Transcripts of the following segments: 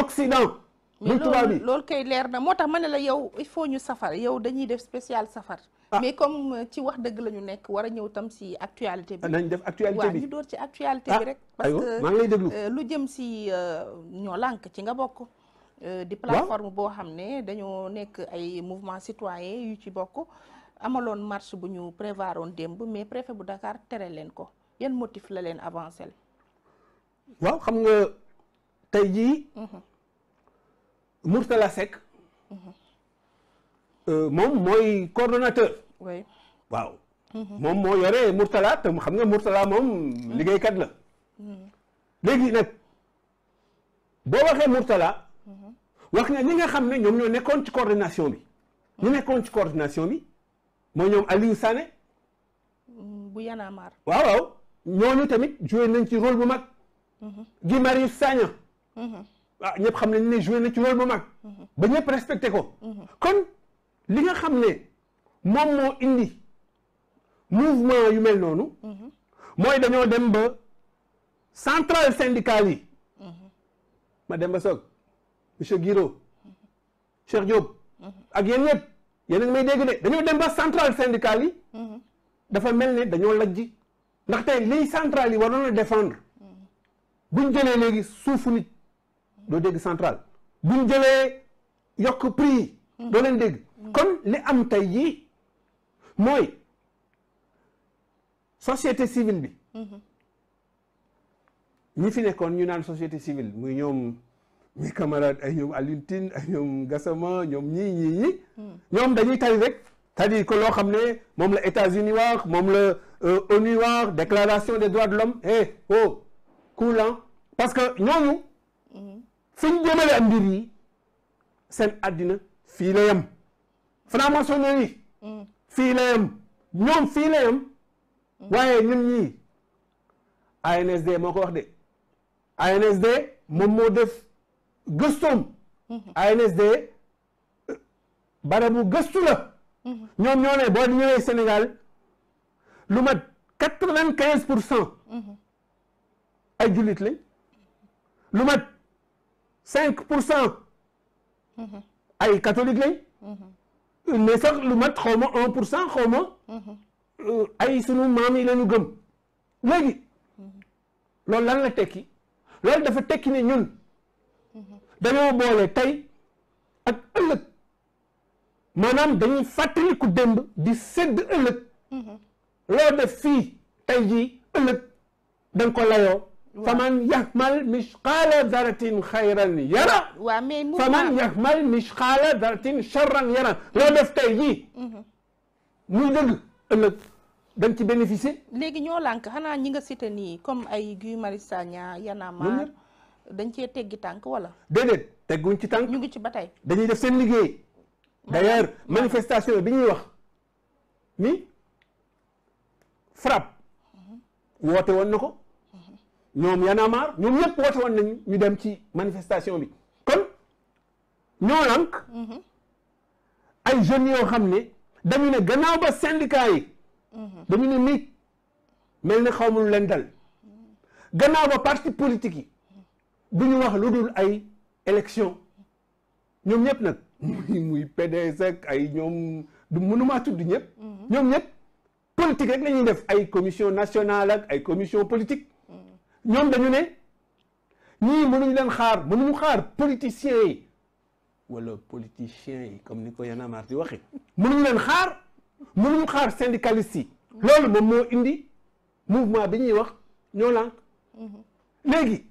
Occident. muy tubaab yi loolu kay leer na moo tax ma ne la yow il faut ñu safar yow dañuy def spécial safar. Ah. mais comme euh, ci wax dëgg la ñu nekk war a ñëw tam si actualité bi. nañ def actualité bi waaw ñu ci actualité bi ah, rek. parce euh, lu jëm si euh, ñoo lànk ci nga bokk. di plateforme boo xam ne dañoo nekk ay mouvement citoyen yu ci bokk. amaloon marche bu ñu prévoir woon démb mais préfet bu Dakar tere leen ko yan motif leen avancé. waaw xam nga tey jii. Mhm. Mourtala Seck. Euh, moom mooy coordonateur waaw. Mhm. moom moo yore Mourtala te xam nga Mourtala moom mhm. liggéeykat la. Mhm. léegi nag boo waxee Mourtala. wax na ñi nga xam ne ñoom ñoo nekkoon ci coordination bi. ñu nekkoon ci coordination bi mooy ñoom Aliou Sané. Mm, bu Y'en a waaw waaw ñooñu tamit joué nañ ci rôle bu mag. Guy Marius Sagna. ah ñëpp xam nañ ne joué ne ci rôle bu mag. ba ñëpp respecté ko. kon li nga xam ne moom moo indi mouvement yu mel noonu. mooy dañoo dem ba centrale syndicale yi. ma dem ba soog monsieur Guiro Cheikh Diop. ak yéen ñëpp yeneen may dégg de dañoo dem ba centrale syndicale yi. dafa mel ne dañoo lajji. ndaxte liy centrale yi waroon a défendre. buñ jëlee léegi suufu nit. doo dégg central bu ñu jëlee yokk prix yi doo leen dégg kon li am tey jii mooy société civile bi ñi fi nekkoon ñu naan société civile muy ñoom mi camarade ay ñoom Alioune ay ñoom Gassama ñoom ñii ñii ñi ñoom dañuy tay rek c'est-à-dire que loo xam ne moom la États-Unis moom la euh, ONU wax déclaration des droits de l'homme eh oh coulant parce que ñooñu suñ jëmale mbir yi seen àddina fii la yem franc-maçonnerie mm. fii yem ñoom fii yem mm. waaye ñun ñii ANSD moo ko wax de ANSD moom moo def gëstoom mm-hmm. ANSD euh, barabu gëstu la mm-hmm. ñoom ñoo boo di ñëwee Sénégal lu mat quatre quinze pour cent mm-hmm. ay jullit lañ lu mat cinq pour cent mmh. ay catholique lañ mmh. mais sax lu mat xaw ma un pour cent xaw mmh. euh, ay sunu maam yi lañu gëm léegi loolu lan la tekki loolu dafa tekki ne ñun dañoo boole tey ak ëllëg maanaam dañuy fàttali ku démb di sedd ëllëg loo def fii tey jii ëllëg da ko layoo faman yaxmal misqaala daratin xayran yara waaw mais faman yaxmal misqaala daratin charran yara loo def tey jii mhm. muy dëgg ëllëg dañ ci bénéficier léegi ñoo lank xanaa ñi nga cité nii comme ay Guy Marius Sagna Y'en a marre dañ cee teggi tànk wala déedéet tegguñ ci tànk ñu ngi ci ba tey dañuy def seen liggéey d'ailleurs manifestation bi ñuy wax ni frappe mhm. woote woon ko ñoom Y'en a ñoom ñëpp woote woon nañu ñu dem ci manifestation bi kon ñoo lànk ay jeunes yoo xam ne dañu ne gannaaw ba syndicat yi dañu ne nit mel ne xaw ma leen dal gannaaw ba parti politique yi du ñu wax lu dul ay élection ñoom ñëpp nag muy muy PDS ak ay ñoom du mënumaa tudd ñëpp mm-hmm. ñoom ñëpp politique rek la ñuy def ay commission nationale ak ay commission politique ñoom dañu ne ñii mënuñu leen xaar mënuñu xaar politiciens yi wala politiciens yi comme ni ko Y'en maar marre di waxee mënuñu leen xaar mënuñu xaar syndicalistes yi loolu moom moo indi mouvement bi ñuy wax ñoo lànk mm-hmm. léegi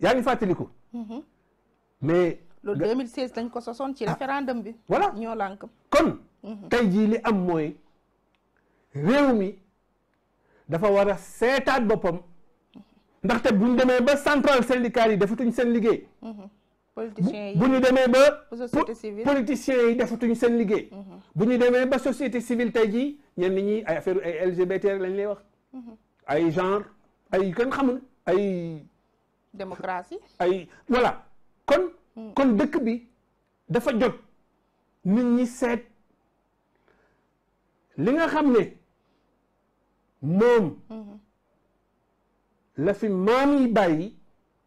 yaa ngi fàttaliku mm-hmm. mais loolu 2016 dañ ko sosoon ci ah. référendum bi voilà ñoo lànk kon mm-hmm. tey jii li am mooy réew mi dafa war a seetaat boppam ndaxte bu ñu demee ba centrale syndicale yi defatuñ seen liggéey. Mhm. politiciens yi bu ñu demee ba. société civile politiciens yi defatuñ seen liggéey. Mhm. bu ñu demee ba société civile tey jii ñenn ñi ay affaire ay LGBT lañ lay wax. Mhm. ay genre ay kenn xamul ay. démocratie ay voilà kon. kon dëkk bi dafa jot nit ñi seet li nga xam ne moom. la fi maam yi bàyyi.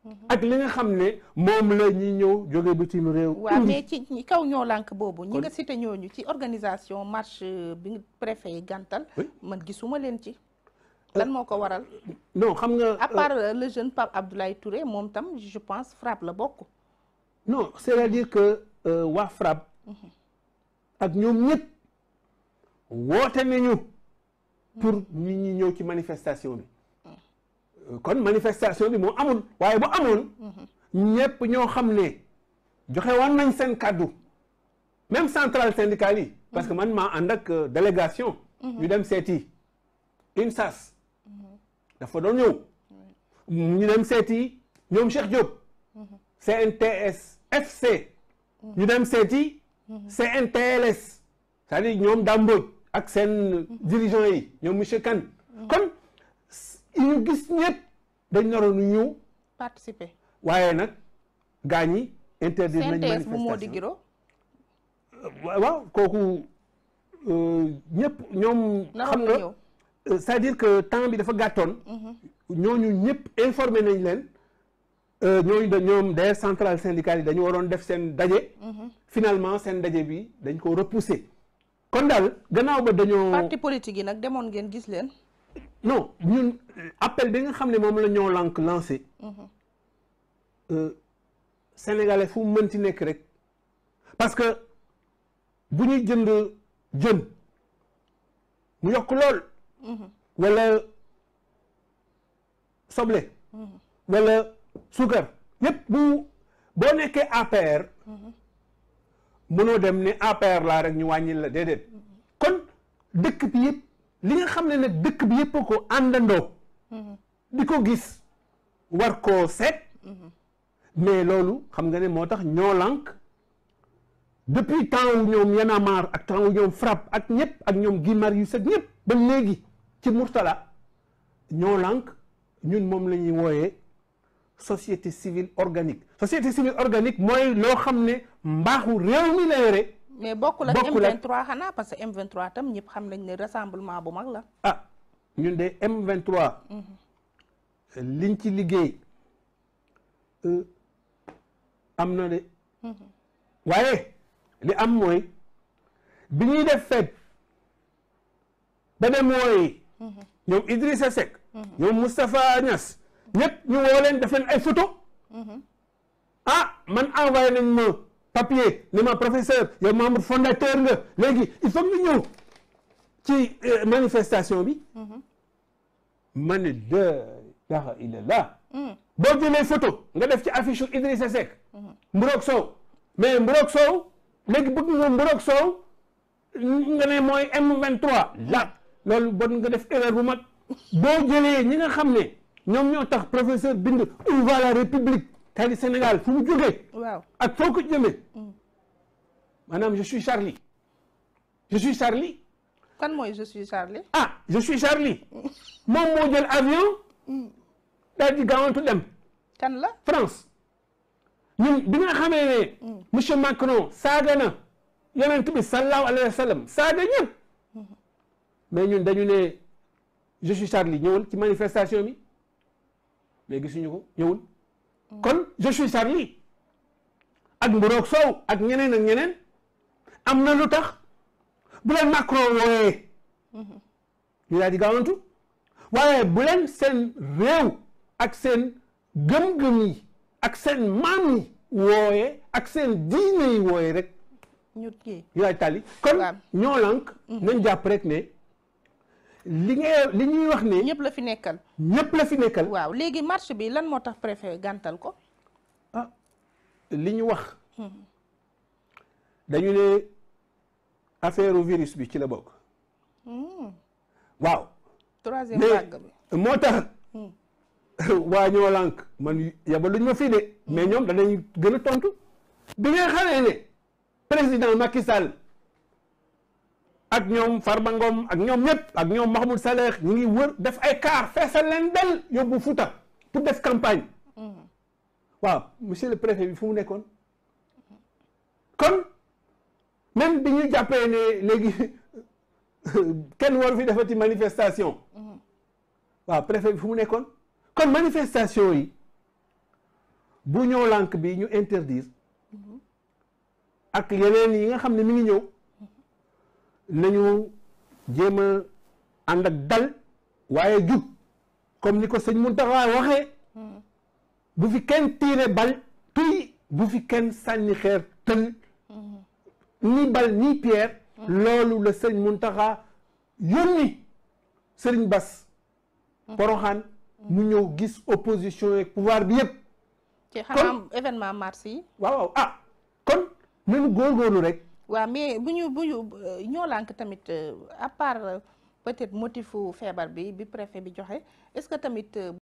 Mhm. ak li nga xam ne moom la ñëw jóge bitim réew. waaw mais ci kaw ñoo lànk boobu. ñi nga cité ñooñu ci organisation marche bi préfet yi gàntal. man gisuma leen ci. Euh, lan moo ko waral. non xam nga. à part euh, le jeune Pape Abdoulaye Touré moom tam je pense FRAPP la bokk. non c'est-à-dire que euh, waa FRAPP. Mhm. ak ñoom ñëpp woote nañu. pour mhm. nit ñi ñëw ci manifestation bi. kon manifestation bi moo amul waaye bu amoon ñëpp ñoo xam ne joxe wan nañ seen kàddu même centrale syndicale yi parce que man maa ànd ak euh, délégation ñu dem seeti INSAS dafa doon ñëw ñu dem seeti ñoom Cheikh Diop CNTS FC ñu dem seeti CNTLS c'est-à-dire ñoom Dambod ak seen euh, dirigeants yi ñoom monsieur kon yi ñu gis ñëpp dañ naroon ñu participer waaye nag gaañ yi. interdire nañ manifestation moo di giro. Euh, waaw kooku euh, ñëpp ñoom. xam nga euh, c'est-à-dire que temps bi dafa gàttoon. Mhm. ñooñu ñëpp informé nañ leen. ñooñu da ñoom d'ailleurs centrale syndicale yi dañu waroon def seen daje. Mhm. finalement seen daje bi dañ ko repousser. kon daal gannaaw ba dañoo. parti politique yi nag demoon ngeen gis leen. non ñun euh, appel bi nga xam ne moom la ñoo lànk lancé mhm. euh, sénégalais fu mën ci nekk rek parce que bu ñuy jënd jën mu yokk lool mhm. wala soble mhm. wala suukar yépp bu boo nekkee APR mënoo dem ni APR laa rek ñu wàññil la déedéet kon dëkk bi yëpp li nga xam ne nag dëkk bi yëpp ko àndandoo mm-hmm. di ko gis war koo seet mm-hmm. mais loolu xam nga ne moo tax ñoo lànk depuis temps wu ñoom Y'en ak temps wu ñoom FRAPP ak ñëpp ak ñoom Guy Marius Seck ñëpp ba léegi ci Mourtala ñoo lànk ñun moom lañuy ñuy wooyee société civile organique société civile organique mooy loo xam ne mbaaxu réew mi la yore mais bokkul ak M23 xanaa parce que M23 tam ñëpp xam nañ ne rassemblement bu mag la. ah ñun de M23. Mm-hmm. liñ ci liggéey euh, am na de. Mm-hmm. waaye li am mooy bi ñuy def fekk ba dem mooy. Mm-hmm. ñoom Idrissa Seck. ñoom Moustapha Niass. ñëpp ñu woo leen def leen ay photo ah man envoyé nañ ma. papier li ma professeur yow membre fondateur nga léegi il faut nga ñëw ci euh, manifestation bi mhm. ma ne de ilaha illallah mhm. boo jëlee photo nga def ci affiche u Idrissa Seck mhm. Mburok Sow mais Mburok soow léegi bëgg nga Mburok Sow nga ne mooy M23 loolu bon nga def erreur bu mag boo jëlee ñi nga xam ne ñoom ñoo tax professeur bind où va la république tey Sénégal fu mu jógee. waaw ak foo ko jëmee. Mm. maanaam je suis Charlie. je suis Charlie. kan mooy je suis Charlie. ah je suis moo jël avion. Mm. daal di gaawantu kan la France. ñun bi xamee ne. Mm. monsieur Macron saaga na yonent bi sallallahu alayhi wa saaga ñëpp. Mm-hmm. mais ñun dañu ne je suis Charlie ñëwul ci manifestation bi mais gisuñu ko ñëwul. kon je suis Charlie ak mburoog sow ak ñeneen ak ñeneen am na lu tax bu leen Macron wooyee ñu di gaawantu waaye bu seen réew ak seen gëm-gëm ak seen maam yi ak seen diine yi rek ñu daal di tàlli kon ñoo lank mm-hmm. nañ jàpp rek ne li ngay li ñuy wax ne ñëpp la fi nekkal. ñëpp la fi nekkal. waaw léegi marché bi lan moo tax préfet gàntal ko. Ah, li ñu wax. Hmm. dañu ne affaire virus bi ci la bokk. Hmm. waaw. troisième vague moo tax. Hmm. waa ñoo lànk man yabaluñ ma fi de mais ñoom danañ gën a tontu. bi nga xamee ne président Macky ak ñoom Farba Ngom ak ñoom ñëpp ak ñoom Mahmoud Saleh ñu ngi wër def ay kaar feesal leen del yóbbu Fouta pour def campagne mm-hmm. waaw monsieur le préfet bi fu mu nekkoon kon même bi ñu jàppee ne kenn waru fi defati manifestation mm-hmm. waaw préfet fu mu nekkoon kon manifestation yi bu ñëw lànk bi ñu interdire mm-hmm. ak yeneen yi nga xam ne mu ngi ñëw nañu jéem a dal waaye jub comme ni ko sëñ Mountakha waxee mm-hmm. bu fi kenn tiire bal tuy bu fi kenn sànni xeer tël mm-hmm. ni bal ni pierre mm-hmm. loolu la sëñ Mountakha yónni sëriñ Bas Poroxaan mu ñëw gis opposition ak pouvoir bi yëpp ci xanaa événement mars yi waaw waaw ah rek waaw mais bu ñu bu ñu euh, ñoo lànk tamit euh, à part euh, peut-être motifu feebar bi bi préfet bi joxe est-ce que tamit